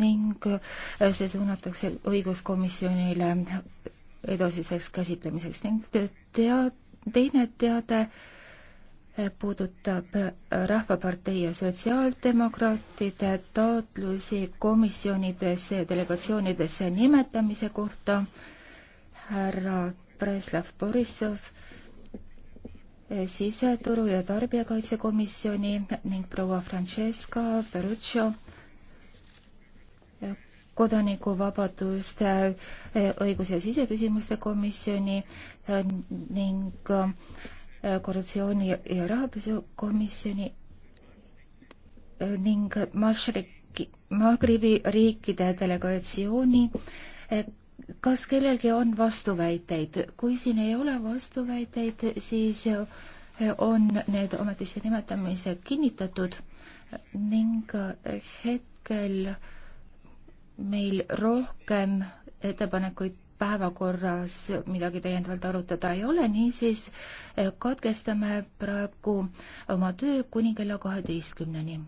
ning äh, see suunatakse õiguskomisjonile edasiseks käsitlemiseks ning tea-, teine teade äh, puudutab äh, Rahvapartei ja Sotsiaaldemokraatide taotlusi komisjonidesse ja delegatsioonidesse nimetamise kohta. härra Breslav Borissov siseturu- ja tarbijakaitsekomisjoni ning proua Francesca Peruccio kodanikuvabaduste, eh, õigus- ja siseküsimuste komisjoni eh, ning eh, korruptsiooni ja rahapesu komisjoni ning Mašriki, Magribi riikide delegatsiooni. kas kellelgi on vastuväiteid? kui siin ei ole vastuväiteid, siis on need ametisse nimetamised kinnitatud ning hetkel meil rohkem ettepanekuid päevakorras midagi täiendavalt arutada ei ole, niisiis eh, katkestame praegu oma töö kuni kella kaheteistkümneni